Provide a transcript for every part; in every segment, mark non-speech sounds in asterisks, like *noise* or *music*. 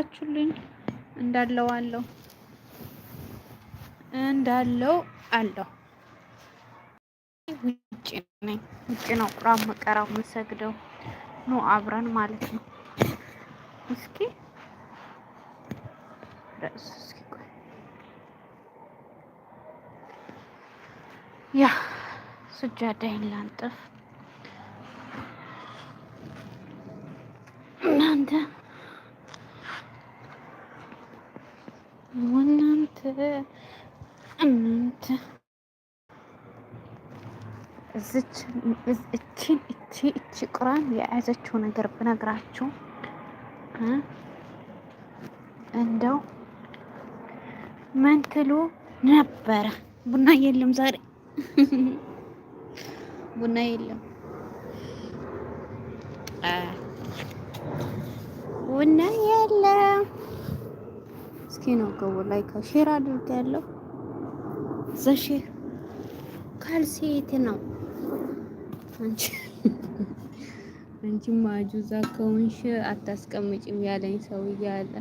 ስላላችሁልኝ እንዳለው አለው እንዳለው አለው ውጭ ነኝ ውጭ ነው ቁርአን መቀራው የምሰግደው ኑ አብረን ማለት ነው። እስኪ እስኪ ያ ስጃዳይን ላንጥፍ እናንተ እናንተ እዚች እቺን እቺ እቺ ቁራን የያዘችው ነገር ብነግራችሁ እንደው ምን ነበረ? ቡና የለም ዛሬ ቡና የለም። ቡና የለም። እስኪ ነው ገቡ ላይ ከሼር አድርግ ያለው ዘሼር ካልሲ የት ነው አንቺ *laughs* አንቺ ማጁዛ ከሆንሽ አታስቀምጪም ያለኝ ሰው እያለ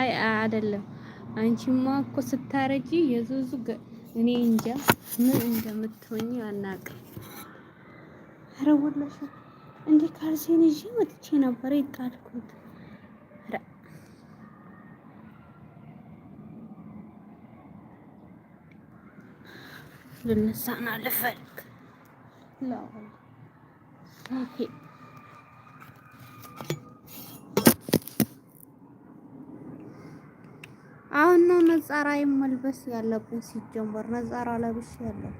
አይ አይደለም። አንቺማ እኮ ስታረጂ የዙዙ እኔ እንጃ ምን እንደምትሆኝ አናውቅም። አረ ወላሂ እንዴ ካልሴን ይዤ መጥቼ ነበር ይጣልኩት። ልንሳና ልፈልግ አሁን ነው ነጻራ መልበስ ያለብን። ሲጀመር ነጻራ ለብስ ያለው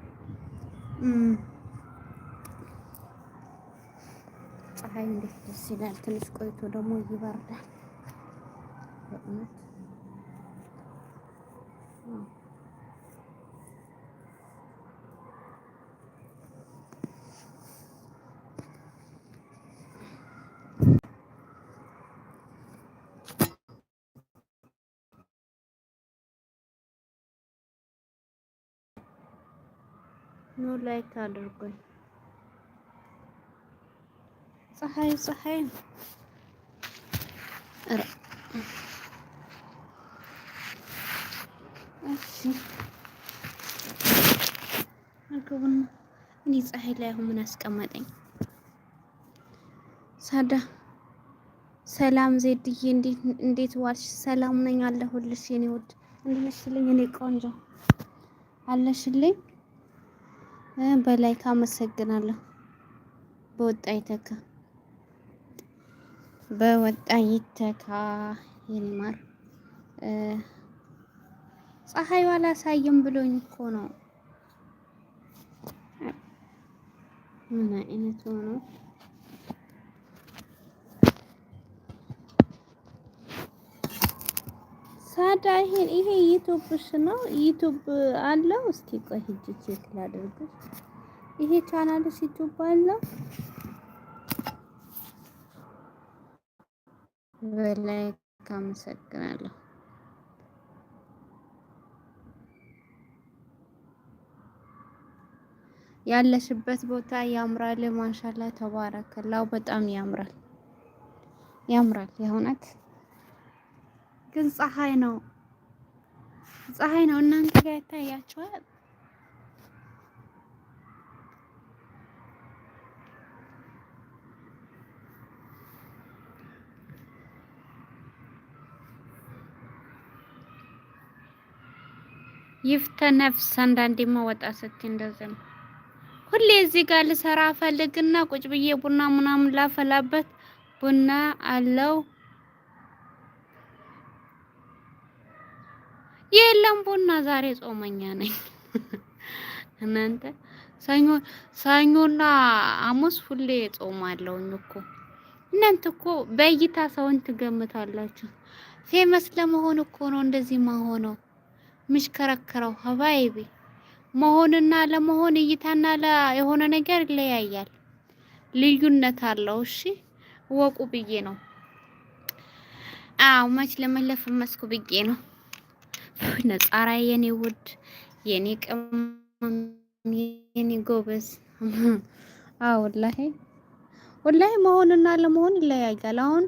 ፀሐይ እንዴት ደስ ይላል። ትንሽ ቆይቶ ደግሞ ይበርዳል በእውነት ኑ ላይክ አድርጉኝ። ፀሐይ ፀሐይ ምግቡና እኔ ፀሐይ ላይ አሁን ምን አስቀመጠኝ? ሳዳ ሰላም ዜድዬ፣ እንዴት ዋልሽ? ሰላም ነኝ አለሁልሽ። የኔ ውድ እንደነሽልኝ፣ እኔ ቆንጆ አለሽልኝ በላይ ካመሰግናለሁ። በወጣ ይተካ በወጣ ይተካ የኔ ፀሐዩ አላሳየም ብሎኝ እኮ ነው። ምን አይነት ሆኖ ሳዳ ይሄን ይሄ ዩቲዩብሽ ነው? ዩቲዩብ አለው? እስቲ ቆይ ሂጂ ቼክ ላድርግ። ይሄ ቻናልሽ ዩቲዩብ አለው? በላይ ካመሰግናለሁ። ያለሽበት ቦታ ያምራል። ማሻላ ተባረከላው። በጣም ያምራል፣ ያምራል የእውነት ግን ፀሐይ ነው ፀሐይ ነው እናንተ ጋር ይታያችኋል። ይፍተ ነፍስ አንዳንዴማ ወጣ ስቲ እንደዚህ ነው። ሁሌ እዚህ ጋር ልሰራ ፈልግና ቁጭ ብዬ ቡና ምናምን ላፈላበት ቡና አለው የለም ቡና ዛሬ ጾመኛ ነኝ። እናንተ ሰኞ ሰኞና ሐሙስ ሁሌ ጾማለሁኝ እኮ እናንተ እኮ በእይታ ሰውን ትገምታላችሁ። ፌመስ ለመሆን እኮ ነው እንደዚህ መሆነው ምሽከረከረው ሀባይቢ መሆንና ለመሆን እይታና የሆነ ነገር ይለያያል፣ ልዩነት አለው። እሺ ወቁ ብዬ ነው። አዎ መች ለመለፍ መስኩ ብዬ ነው። ነጻራ የኔ ውድ የኔ ቅመም የኔ ጎበዝ ወላሂ ወላሂ መሆንና ለመሆን ይለያያል። አሁን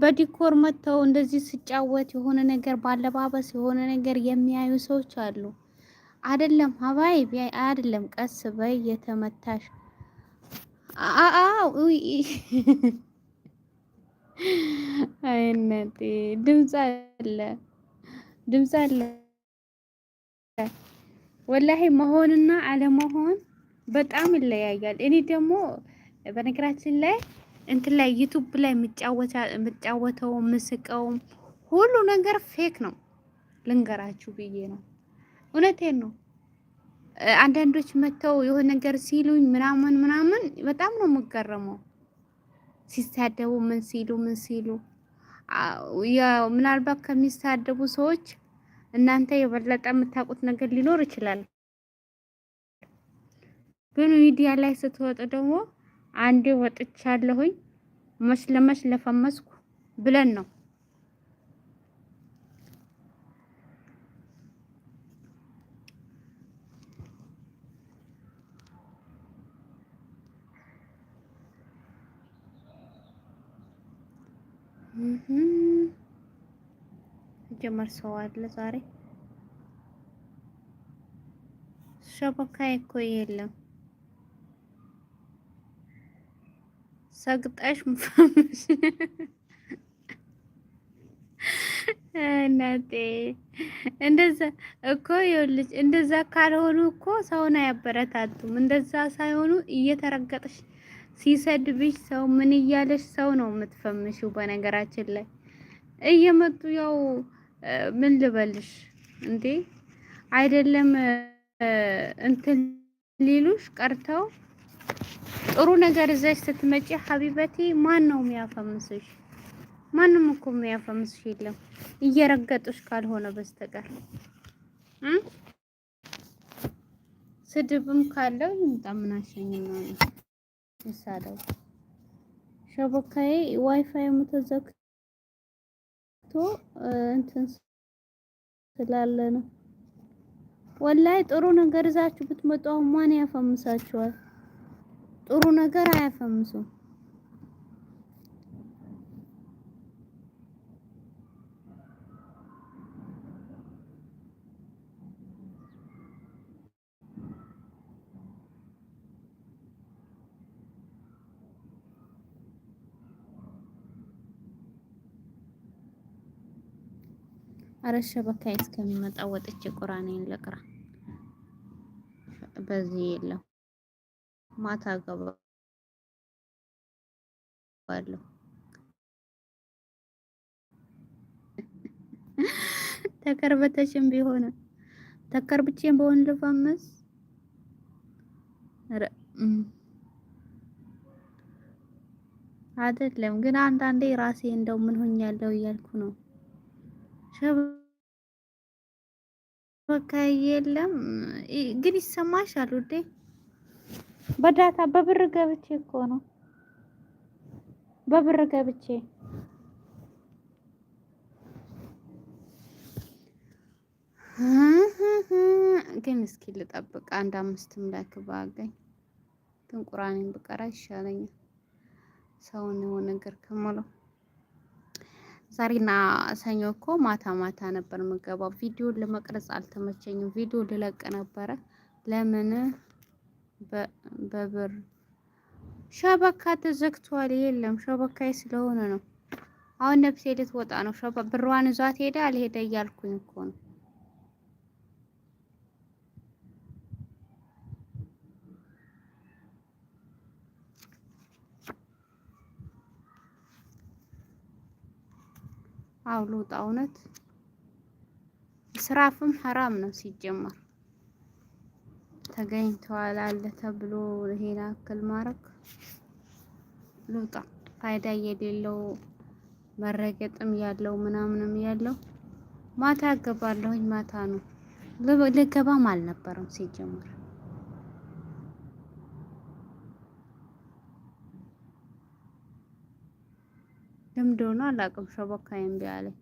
በዲኮር መጥተው እንደዚህ ስጫወት የሆነ ነገር ባለባበስ የሆነ ነገር የሚያዩ ሰዎች አሉ። አይደለም ሀባይ ቢያይ አይደለም ቀስ በይ የተመታሽ አይነቴ ድምፅ አለ ድምፅ አለ። ወላሂ መሆንና አለመሆን በጣም ይለያያል። እኔ ደግሞ በነገራችን ላይ እንትን ላይ ዩቱብ ላይ የምጫወተው ምስቀው ሁሉ ነገር ፌክ ነው ልንገራችሁ ብዬ ነው። እውነቴን ነው። አንዳንዶች መጥተው የሆነ ነገር ሲሉኝ ምናምን ምናምን በጣም ነው የምገረመው። ሲሳደቡ ምን ሲሉ ምን ሲሉ ምናልባት ከሚሳደቡ ሰዎች እናንተ የበለጠ የምታውቁት ነገር ሊኖር ይችላል። ግን ሚዲያ ላይ ስትወጡ ደግሞ አንዴ ወጥቻለሁኝ መች ለፈመስኩ ብለን ነው ሲጀመር ሰው አለ ዛሬ ሸበካ እኮ የለም። ሰግጠሽ ምፋምሽ እናቴ እንደዛ እኮ ይኸውልሽ፣ እንደዛ ካልሆኑ እኮ ሰውን አያበረታቱም። እንደዛ ሳይሆኑ እየተረገጥሽ ሲሰድብሽ ሰው ምን እያለሽ ሰው ነው የምትፈምሽው። በነገራችን ላይ እየመጡ ያው ምን ልበልሽ እንዴ አይደለም እንትን ሊሉሽ ቀርተው ጥሩ ነገር እዛች ስትመጪ ሀቢበቴ ማን ነው የሚያፈምስሽ? ማንም እኮ የሚያፈምስሽ የለም እየረገጡሽ ካልሆነ በስተቀር ስድብም ካለው ይምጣ። ምን ነው ይሳደው ሸበካዬ ዋይፋይ ሙተዘክ መጥቶ እንትን ስላለ ነው። ወላይ ጥሩ ነገር እዛችሁ ብትመጡ ማን ያፈምሳችኋል? ጥሩ ነገር አያፈምሱም። አረስ ሸበካይ እስከሚመጣ ወጥቼ ቁራኔን ልቅራ። በዚህ የለም ማታ ገባለሁ። ተከርበተሽም ቢሆን ተከርብቼም በሆን ልፋመስ አይደለም ግን አንዳንዴ ራሴ እንደው ምን ሆኛለሁ እያልኩ ነው። በቃ የለም ግን ይሰማሻል ውዴ። በዳታ በብር ገብቼ እኮ ነው በብር ገብቼ ግን እስኪ ልጠብቅ አንድ አምስትም ላይክ ባገኝ ግን ቁርአኔን ብቀራ ይሻለኛል። ሰውን የሆነ ነገር ከሞላው ዛሬና ሰኞ እኮ ማታ ማታ ነበር የምገባው። ቪዲዮ ለመቅረጽ አልተመቸኝም። ቪዲዮ ልለቅ ነበረ። ለምን በብር ሸበካ ተዘግቷል። የለም ሸበካዬ ስለሆነ ነው። አሁን ነፍሴ ልትወጣ ነው። ሸበ ብሯን ይዟት ሄደ አልሄደ እያልኩኝ እኮ ነው። አው ልውጣ። እውነት ስራፍም ሐራም ነው ሲጀመር። ተገኝተዋል አለ ተብሎ ይሄን አክል ማረግ ልውጣ። ፋይዳ የሌለው መረገጥም ያለው ምናምንም ያለው ማታ እገባለሁኝ። ማታ ነው ልገባም አልነበረም ሲጀመር። ለምንደሆነ አላውቅም። ሸበካይ እምቢ አለኝ።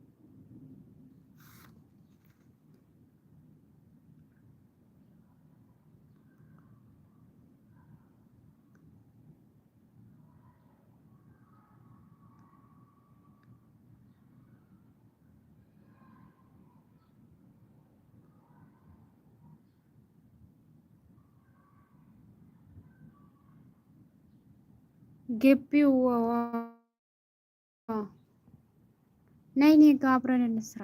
ግቢው ናይ እኔ ጋ አብረን እንስራ።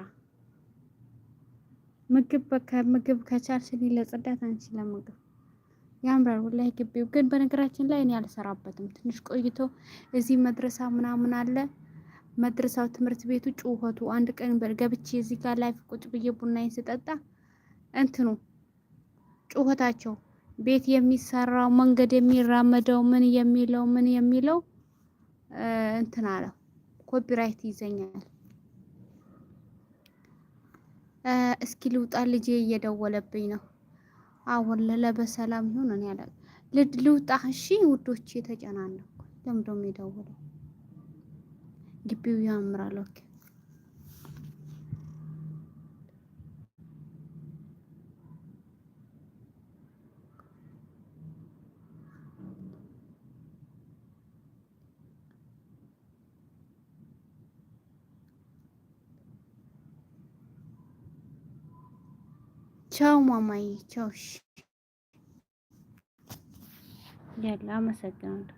ምግብ ከምግብ ከቻልሽ እኔ ለጽዳት፣ አንቺ ለምግብ ያምራል። ወላሂ ግቢው ግን በነገራችን ላይ እኔ አልሰራበትም። ትንሽ ቆይቶ እዚህ መድረሳ ምናምን አለ መድረሳው ትምህርት ቤቱ ጩኸቱ አንድ ቀን ገብቼ እዚህ ጋር ላይፍ ቁጭ ብዬ ቡናዬን ስጠጣ እንትኑ ጩኸታቸው ቤት የሚሰራው መንገድ የሚራመደው ምን የሚለው ምን የሚለው እንትን አለው ኮፒራይት ይዘኛል። እስኪ ልውጣ ልጄ እየደወለብኝ ነው። አሁን ለለ በሰላም ይሁን እኔ ልድ ልውጣ እሺ ውዶቼ፣ ተጨናነኩ። ደምዶም የደወለው ግቢው ያምራል። ኦኬ ቻው ማማዬ ቻው። እሺ፣ ያለ አመሰግናለሁ።